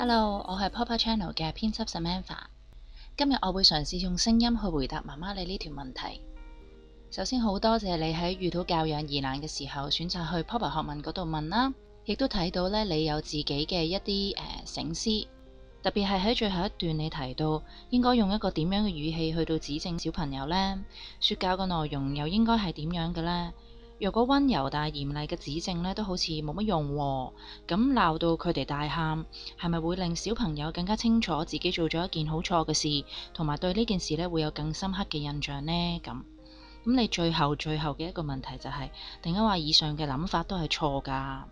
Hello，我係 Papa Channel 嘅編輯 Samantha。今日我會嘗試用聲音去回答媽媽你呢條問題。首先好多謝你喺遇到教養疑難嘅時候選擇去 Papa 學問嗰度問啦，亦都睇到咧你有自己嘅一啲誒醒思，特別係喺最後一段你提到應該用一個點樣嘅語氣去到指正小朋友呢，說教嘅內容又應該係點樣嘅呢？若果溫柔但係嚴厲嘅指正咧，都好似冇乜用咁，鬧到佢哋大喊，係咪會令小朋友更加清楚自己做咗一件好錯嘅事，同埋對呢件事咧會有更深刻嘅印象咧？咁咁你最後最後嘅一個問題就係點解話以上嘅諗法都係錯噶？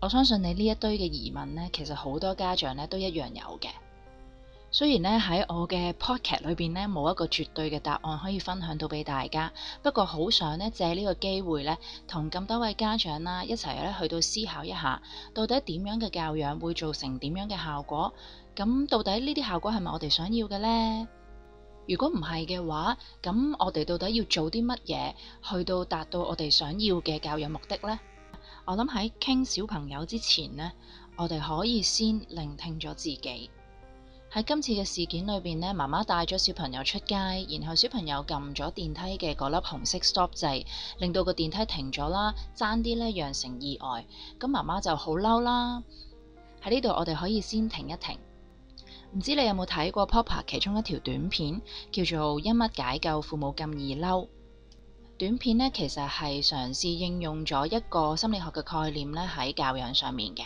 我相信你呢一堆嘅疑問咧，其實好多家長咧都一樣有嘅。雖然咧喺我嘅 podcast 裏邊咧冇一個絕對嘅答案可以分享到俾大家，不過好想咧借呢個機會咧，同咁多位家長啦一齊咧去到思考一下，到底點樣嘅教養會造成點樣嘅效果？咁到底呢啲效果係咪我哋想要嘅咧？如果唔係嘅話，咁我哋到底要做啲乜嘢去到達到我哋想要嘅教養目的咧？我諗喺傾小朋友之前咧，我哋可以先聆聽咗自己。喺今次嘅事件裏邊咧，媽媽帶咗小朋友出街，然後小朋友撳咗電梯嘅嗰粒紅色 stop 掣，令到個電梯停咗啦，爭啲咧釀成意外。咁媽媽就好嬲啦。喺呢度，我哋可以先停一停。唔知你有冇睇過 PoPa 其中一條短片，叫做《因乜解救父母咁易嬲》？短片呢，其實係嘗試應用咗一個心理學嘅概念咧喺教養上面嘅。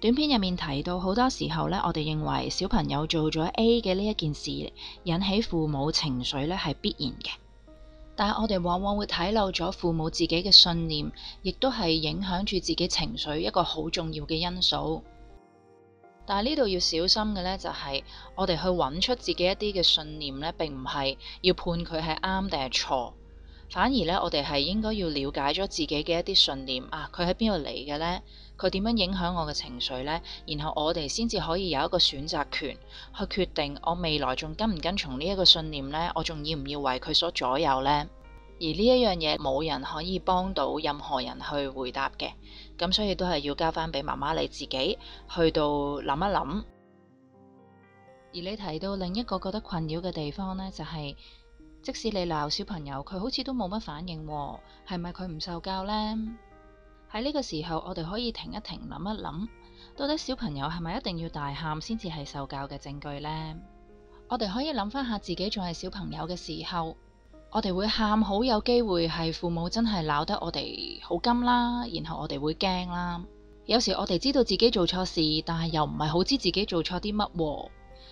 短片入面提到，好多時候呢，我哋認為小朋友做咗 A 嘅呢一件事，引起父母情緒呢係必然嘅。但係我哋往往會睇漏咗父母自己嘅信念，亦都係影響住自己情緒一個好重要嘅因素。但係呢度要小心嘅，呢，就係我哋去揾出自己一啲嘅信念呢，並唔係要判佢係啱定係錯。反而咧，我哋係應該要了解咗自己嘅一啲信念啊，佢喺邊度嚟嘅咧？佢點樣影響我嘅情緒咧？然後我哋先至可以有一個選擇權去決定我未來仲跟唔跟從呢一個信念咧？我仲要唔要為佢所左右咧？而呢一樣嘢冇人可以幫到任何人去回答嘅，咁所以都係要交翻俾媽媽你自己去到諗一諗。而你提到另一個覺得困擾嘅地方咧，就係。即使你鬧小朋友，佢好似都冇乜反應，係咪佢唔受教呢？喺呢個時候，我哋可以停一停，諗一諗，到底小朋友係咪一定要大喊先至係受教嘅證據呢？我哋可以諗翻下自己仲係小朋友嘅時候，我哋會喊，好有機會係父母真係鬧得我哋好甘啦，然後我哋會驚啦。有時我哋知道自己做錯事，但係又唔係好知自己做錯啲乜。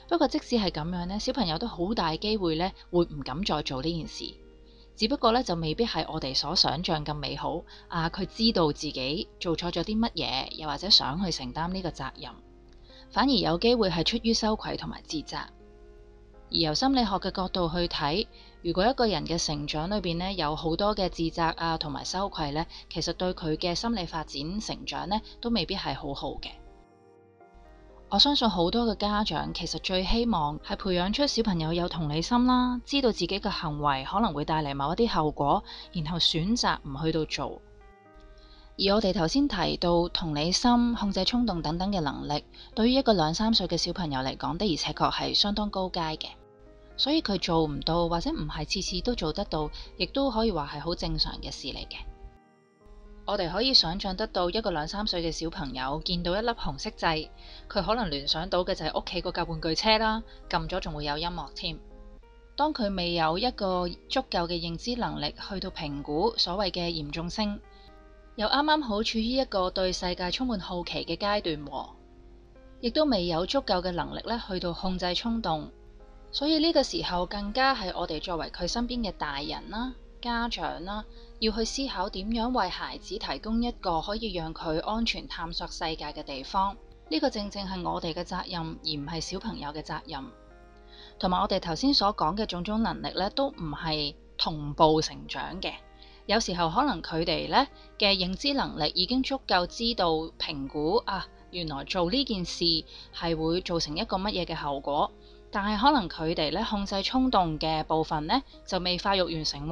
不過，即使係咁樣咧，小朋友都好大機會咧，會唔敢再做呢件事。只不過呢，就未必係我哋所想像咁美好。啊，佢知道自己做錯咗啲乜嘢，又或者想去承擔呢個責任，反而有機會係出於羞愧同埋自責。而由心理學嘅角度去睇，如果一個人嘅成長裏面有好多嘅自責啊同埋羞愧呢，其實對佢嘅心理發展成長呢，都未必係好好嘅。我相信好多嘅家長其實最希望係培養出小朋友有同理心啦，知道自己嘅行為可能會帶嚟某一啲後果，然後選擇唔去到做。而我哋頭先提到同理心、控制衝動等等嘅能力，對於一個兩三歲嘅小朋友嚟講，的而且確係相當高階嘅，所以佢做唔到或者唔係次次都做得到，亦都可以話係好正常嘅事嚟嘅。我哋可以想象得到，一個兩三歲嘅小朋友見到一粒紅色掣，佢可能聯想到嘅就係屋企嗰舊玩具車啦，撳咗仲會有音樂添。當佢未有一個足夠嘅認知能力去到評估所謂嘅嚴重性，又啱啱好處於一個對世界充滿好奇嘅階段，亦都未有足夠嘅能力咧去到控制衝動，所以呢個時候更加係我哋作為佢身邊嘅大人啦、家長啦。要去思考點樣為孩子提供一個可以讓佢安全探索世界嘅地方呢，呢個正正係我哋嘅責任，而唔係小朋友嘅責任。同埋，我哋頭先所講嘅種種能力呢，都唔係同步成長嘅。有時候可能佢哋呢嘅認知能力已經足夠知道評估啊，原來做呢件事係會造成一個乜嘢嘅後果，但係可能佢哋呢控制衝動嘅部分呢，就未發育完成。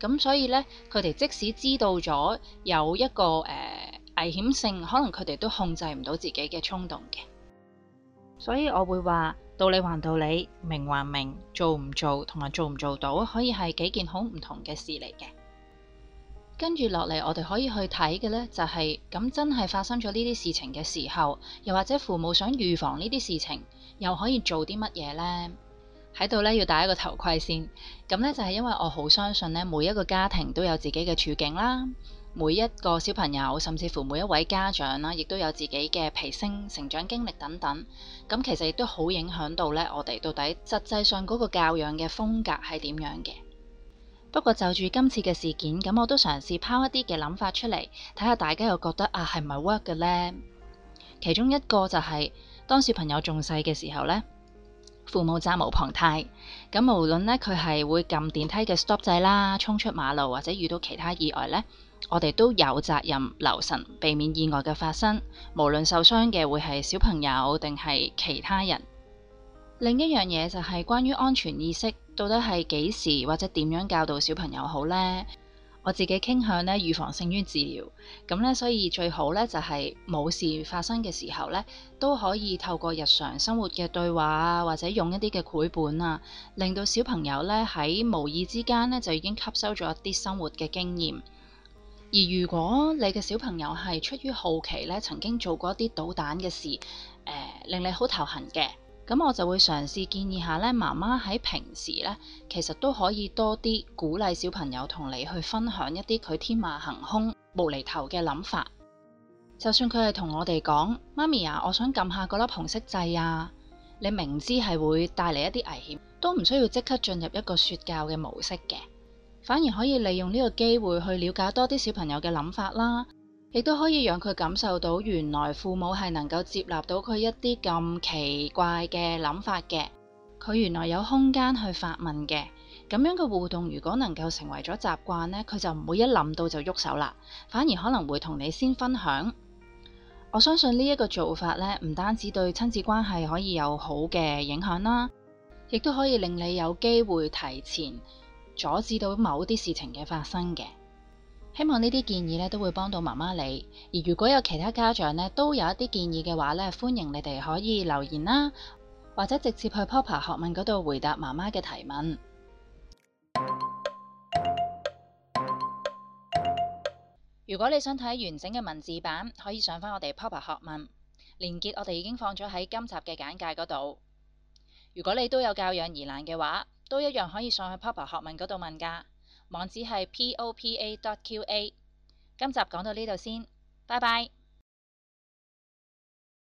咁所以咧，佢哋即使知道咗有一個誒、呃、危險性，可能佢哋都控制唔到自己嘅衝動嘅。所以我會話道理還道理，明還明，做唔做同埋做唔做到，可以係幾件好唔同嘅事嚟嘅。跟住落嚟，我哋可以去睇嘅咧，就係咁真係發生咗呢啲事情嘅時候，又或者父母想預防呢啲事情，又可以做啲乜嘢咧？喺度咧要戴一個頭盔先，咁咧就係因為我好相信咧，每一個家庭都有自己嘅處境啦，每一個小朋友，甚至乎每一位家長啦，亦都有自己嘅脾性、成長經歷等等。咁其實亦都好影響到咧，我哋到底實際上嗰個教養嘅風格係點樣嘅？不過就住今次嘅事件，咁我都嘗試拋一啲嘅諗法出嚟，睇下大家又覺得啊係唔係 work 嘅咧？其中一個就係、是、當小朋友仲細嘅時候咧。父母責無旁貸，咁無論咧佢係會撳電梯嘅 stop 掣啦，衝出馬路或者遇到其他意外咧，我哋都有責任留神，避免意外嘅發生。無論受傷嘅會係小朋友定係其他人。另一樣嘢就係關於安全意識，到底係幾時或者點樣教導小朋友好呢？我自己傾向咧預防勝於治療，咁咧所以最好咧就係、是、冇事發生嘅時候咧都可以透過日常生活嘅對話啊，或者用一啲嘅繪本啊，令到小朋友咧喺無意之間咧就已經吸收咗一啲生活嘅經驗。而如果你嘅小朋友係出於好奇咧，曾經做過一啲搗蛋嘅事，誒、呃、令你好頭痕嘅。咁我就會嘗試建議下咧，媽媽喺平時咧，其實都可以多啲鼓勵小朋友同你去分享一啲佢天馬行空、無厘頭嘅諗法。就算佢係同我哋講：媽咪啊，我想撳下嗰粒紅色掣啊！你明知係會帶嚟一啲危險，都唔需要即刻進入一個說教嘅模式嘅，反而可以利用呢個機會去了解多啲小朋友嘅諗法啦。亦都可以讓佢感受到，原來父母係能夠接納到佢一啲咁奇怪嘅諗法嘅。佢原來有空間去發問嘅。咁樣嘅互動，如果能夠成為咗習慣呢，佢就唔會一諗到就喐手啦，反而可能會同你先分享。我相信呢一個做法呢，唔單止對親子關係可以有好嘅影響啦，亦都可以令你有機會提前阻止到某啲事情嘅發生嘅。希望呢啲建議咧，都會幫到媽媽你。而如果有其他家長咧都有一啲建議嘅話咧，歡迎你哋可以留言啦，或者直接去 Papa 學問嗰度回答媽媽嘅提問。如果你想睇完整嘅文字版，可以上返我哋 Papa 學問，連結我哋已經放咗喺今集嘅簡介嗰度。如果你都有教養疑難嘅話，都一樣可以上去 Papa 學問嗰度問噶。網址係 p o p a q a 今集講到呢度先，拜拜。